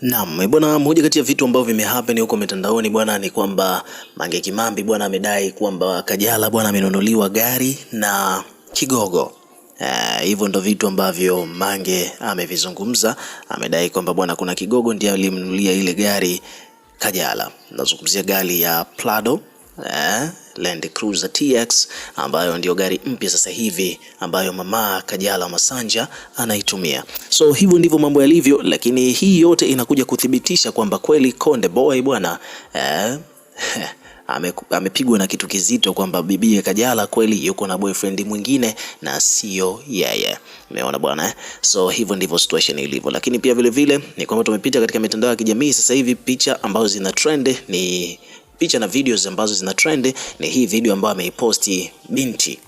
Naam, eh, bwana, moja kati ya vitu ambavyo vimehappen huko mitandaoni bwana ni kwamba Mange Kimambi bwana amedai kwamba Kajala bwana amenunuliwa gari na kigogo. Eh, hivyo uh, ndo vitu ambavyo Mange amevizungumza. Amedai kwamba bwana, kuna kigogo ndiye alimnunulia ile gari Kajala. Nazungumzia gari ya Prado eh, Land Cruiser TX ambayo ndio gari mpya sasa hivi ambayo mama Kajala Masanja anaitumia. So hivyo ndivyo mambo yalivyo, lakini hii yote inakuja kuthibitisha kwamba kweli Konde Boy bwana eh, amepigwa na kitu kizito kwamba bibi Kajala kweli yuko na boyfriend mwingine na sio yeye. Umeona bwana eh? So hivyo ndivyo situation ilivyo, lakini pia vile vile ni kwamba tumepita katika mitandao ya kijamii sasa hivi, picha ambazo zina trend ni picha na videos ambazo zina trend ni hii video ambayo ameiposti binti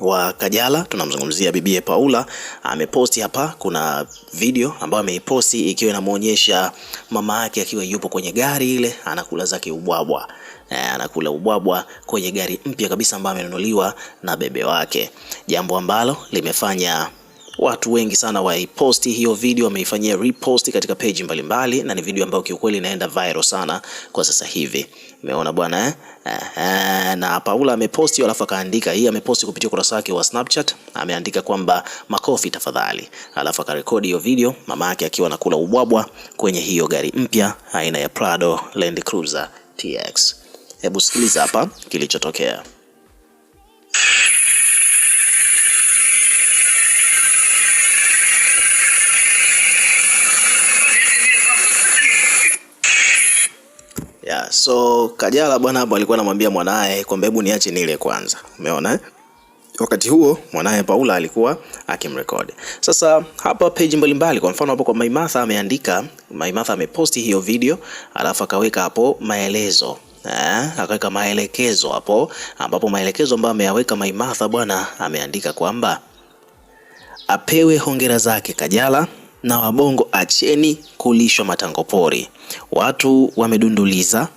wa Kajala, tunamzungumzia bibie Paula. Ameposti hapa, kuna video ambayo ameiposti ikiwa inamuonyesha mama yake akiwa yupo kwenye gari ile anakula zake ubwabwa e, anakula ubwabwa kwenye gari mpya kabisa ambayo amenunuliwa na bebe wake, jambo ambalo limefanya Watu wengi sana waiposti hiyo video, wameifanyia repost katika page mbalimbali, na ni video ambayo kiukweli inaenda viral sana kwa sasa hivi. Umeona bwana eh? na Paula ameposti alafu akaandika, hii ameposti kupitia ukurasa wake wa Snapchat, ameandika kwamba makofi tafadhali, alafu akarekodi hiyo video, mama yake akiwa anakula ubwabwa kwenye hiyo gari mpya aina ya Prado Land Cruiser TX. Hebu sikiliza hapa kilichotokea. So Kajala bwana hapo alikuwa anamwambia mwanae kwamba hebu niache nile kwanza, umeona eh? Wakati huo mwanaye Paula alikuwa akimrekodi. Sasa hapa page mbalimbali, kwa mfano hapo kwa Maimatha ameandika, Maimatha ameposti hiyo video, alafu akaweka hapo maelezo eh, akaweka maelekezo hapo, ambapo maelekezo ambayo ameyaweka Maimatha bwana ameandika kwamba apewe hongera zake Kajala na wabongo, acheni kulishwa matango pori. Watu wamedunduliza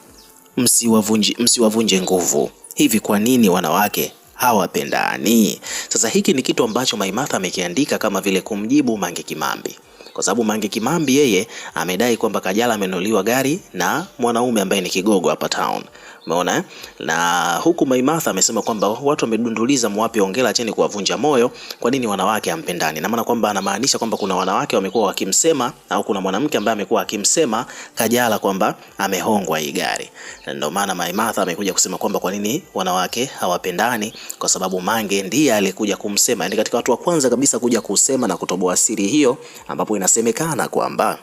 msiwavunje msiwavunje nguvu. Hivi kwa nini wanawake hawapendani? Sasa hiki ni kitu ambacho Maimartha amekiandika kama vile kumjibu Mange Kimambi kwa sababu Mange Kimambi yeye amedai kwamba Kajala amenuliwa gari na mwanaume ambaye ni kigogo hapa town, umeona eh? Na huku Maimatha amesema kwamba watu wamedunduliza mwapi ongela cheni kuwavunja moyo, kwa nini wanawake ampendani? Na maana kwamba anamaanisha kwamba kuna wanawake wamekuwa wakimsema au kuna mwanamke ambaye amekuwa akimsema Kajala kwamba amehongwa hii gari, Na ndio maana Maimatha amekuja kusema kwamba kwa nini wanawake hawapendani, kwa sababu Mange ndiye alikuja kumsema, yani katika watu wa kwanza kabisa kuja kusema na kutoboa siri hiyo ambapo ina Inasemekana kwamba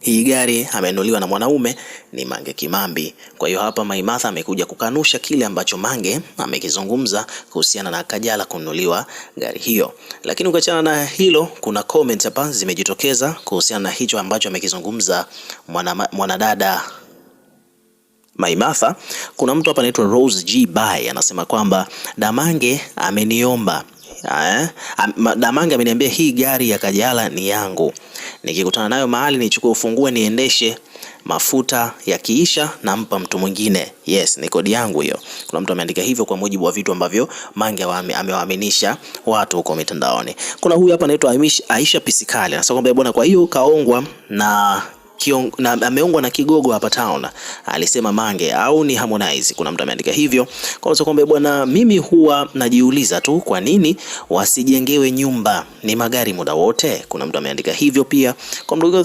hii gari amenuliwa na mwanaume ni Mange Kimambi. Kwa hiyo hapa Maimatha amekuja kukanusha kile ambacho Mange amekizungumza kuhusiana na Kajala kununuliwa gari hiyo. Lakini ukiachana na hilo, kuna comments hapa zimejitokeza kuhusiana na hicho ambacho amekizungumza mwanadada mwana Maimatha. Kuna mtu hapa anaitwa Rose G Bai anasema kwamba Damange ameniomba Eh? Damange ameniambia hii gari ya Kajala ni yangu, nikikutana nayo mahali nichukue ufungue niendeshe, mafuta yakiisha nampa mtu mwingine. Yes, ni kodi yangu hiyo. Kuna mtu ameandika hivyo kwa mujibu wa vitu ambavyo Mange amewaaminisha watu huko mitandaoni. Kuna huyu hapa anaitwa Aisha Pisikali anasema kwamba bwana, kwa hiyo kaongwa na kion, na, ameungwa na kigogo hapa town, alisema Mange au ni Harmonize. Kuna mtu ameandika hivyo kwa sababu kwamba bwana, mimi huwa najiuliza tu kwa nini wasijengewe nyumba, ni magari muda wote. Kuna mtu ameandika hivyo pia.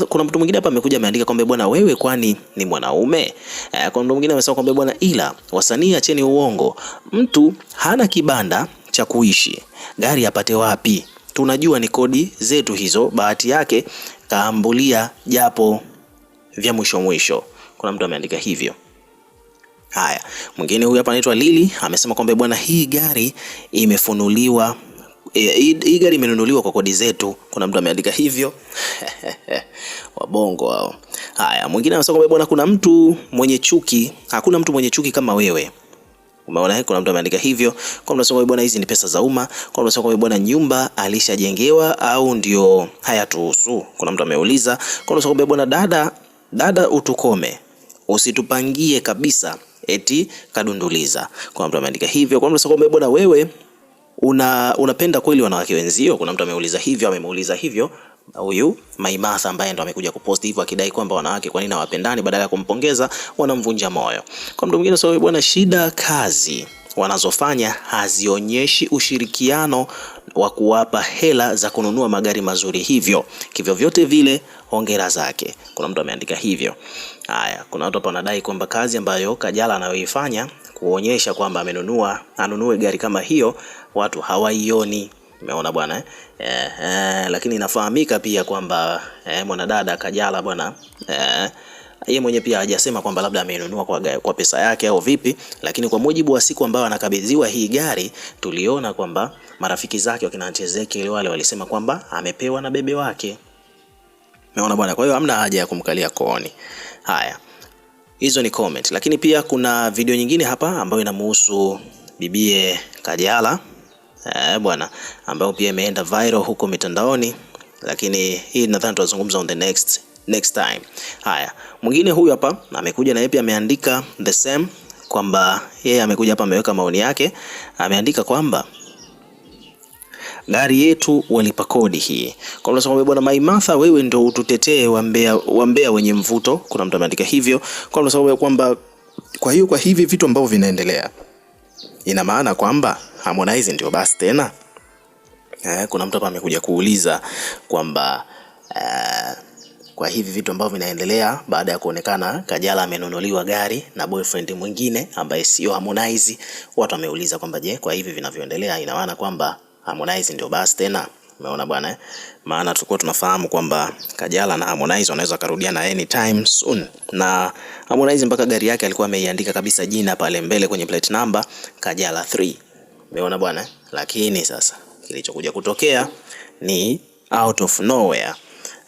Kuna mtu mwingine hapa amekuja ameandika kwamba bwana, wewe kwani ni mwanaume? Eh, kuna mtu mwingine amesema kwamba bwana, ila wasanii acheni uongo, mtu hana kibanda cha kuishi, gari apate wapi? Tunajua ni kodi zetu hizo, bahati yake kaambulia japo vya mwisho mwisho. Kuna mtu ameandika hivyo. Haya, mwingine huyu hapa anaitwa Lili amesema kwamba bwana, hii gari imefunuliwa e, hii gari imenunuliwa kwa kodi zetu. Kuna mtu ameandika hivyo wabongo hao. Haya, mwingine anasema kwamba bwana, kuna mtu mwenye chuki, hakuna mtu mwenye chuki kama wewe. Umeona, eh, kuna mtu ameandika hivyo. Kwa mnasema bwana, hizi ni pesa za umma. Kwa mnasema kwamba bwana, nyumba alishajengewa au ndio hayatuhusu? Kuna mtu ameuliza. Kwa mnasema kwamba bwana, dada dada, utukome usitupangie kabisa, eti kadunduliza. Kuna mtu ameandika hivyo, kuna mtu kwamba bwana wewe una unapenda kweli wanawake wenzio? Kuna mtu ameuliza hivyo, amemuuliza hivyo huyu maimatha ambaye ndo amekuja kupost hivyo akidai kwamba wanawake kwa nini hawapendani, badala ya kumpongeza wanamvunja moyo. Kwa mtu mwingine sasa, bwana shida kazi wanazofanya hazionyeshi ushirikiano wa kuwapa hela za kununua magari mazuri. Hivyo kivyovyote vile, hongera zake. Kuna mtu ameandika hivyo. Haya, kuna watu hapa wanadai kwamba kazi ambayo Kajala anayoifanya kuonyesha kwamba amenunua anunue gari kama hiyo, watu hawaioni. Umeona bwana eh? Eh, eh lakini inafahamika pia kwamba eh, mwanadada Kajala bwana eh, yeye mwenyewe pia hajasema kwamba labda amenunua kwa, kwa pesa yake au vipi, lakini kwa mujibu wa siku ambayo anakabidhiwa hii gari tuliona kwamba marafiki zake wakina Ezekiel wale walisema kwamba amepewa na bebe wake. Umeona bwana, kwa hiyo hamna haja ya kumkalia kooni. Haya, hizo ni comment, lakini pia kuna video nyingine hapa ambayo inamuhusu bibie Kajala eh, bwana, ambayo pia imeenda viral huko mitandaoni, lakini hii nadhani tutazungumza on the next next time. Haya, mwingine huyu hapa amekuja na yeye pia ameandika the same kwamba yeye amekuja hapa ameweka maoni yake, ameandika kwamba gari yetu walipa kodi hii. Kwa hiyo unasema bwana Maimartha, wewe ndio ututetee wambea, wambea wenye mvuto. Kuna mtu ameandika hivyo. Kwa unasema kwamba kwa hiyo kwa hivi vitu ambavyo vinaendelea, ina maana kwamba Harmonize ndio basi tena. Eh, kuna mtu hapa amekuja kuuliza kwamba eh, kwa hivi vitu ambavyo vinaendelea baada ya kuonekana Kajala amenunuliwa gari na boyfriend mwingine ambaye sio Harmonize. Watu wameuliza kwamba je, kwa hivi vinavyoendelea ina maana kwamba Harmonize ndio basi tena? Umeona bwana eh? Maana tulikuwa tunafahamu kwamba Kajala na Harmonize wanaweza karudiana anytime soon, na Harmonize mpaka gari yake alikuwa ameiandika kabisa jina pale mbele kwenye plate number Kajala 3. Umeona bwana eh? Lakini sasa kilichokuja kutokea ni out of nowhere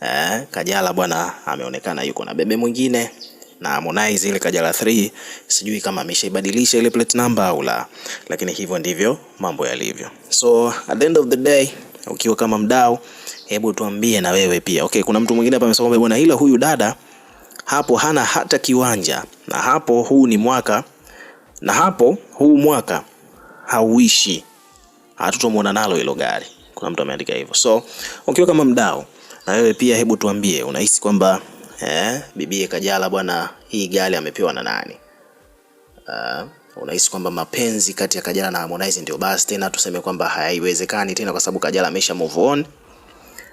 eh, Kajala bwana ameonekana yuko na bebe mwingine na Harmonize ile Kajala 3 sijui kama ameshaibadilisha ile plate number au la, lakini hivyo ndivyo mambo yalivyo. So at the end of the day, ukiwa kama mdau, hebu tuambie na wewe pia. Okay, kuna mtu mwingine hapa amesema kwamba bwana, ila huyu dada hapo hana hata kiwanja, na hapo huu ni mwaka, na hapo huu mwaka hauishi, hatutomwona nalo hilo gari. Kuna mtu ameandika hivyo. So ukiwa kama mdau na wewe pia hebu tuambie unahisi kwamba eh, Bibi Kajala bwana, hii gari amepewa na nani? Uh, unahisi kwamba mapenzi kati ya Kajala na Harmonize ndio basi tena tuseme kwamba haiwezekani tena kwa sababu Kajala amesha move on,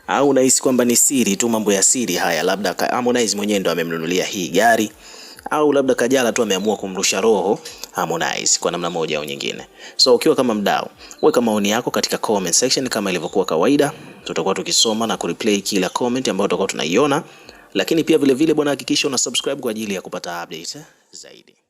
au unahisi kwamba ni siri tu, mambo ya siri haya, labda Harmonize mwenyewe ndo amemnunulia hii gari au labda Kajala tu ameamua kumrusha roho Harmonize kwa namna moja au nyingine. So ukiwa kama mdau, weka maoni yako katika comment section kama ilivyokuwa kawaida, tutakuwa tukisoma na kureplay kila comment ambayo tutakuwa tunaiona, lakini pia vilevile bwana, hakikisha una subscribe kwa ajili ya kupata update zaidi.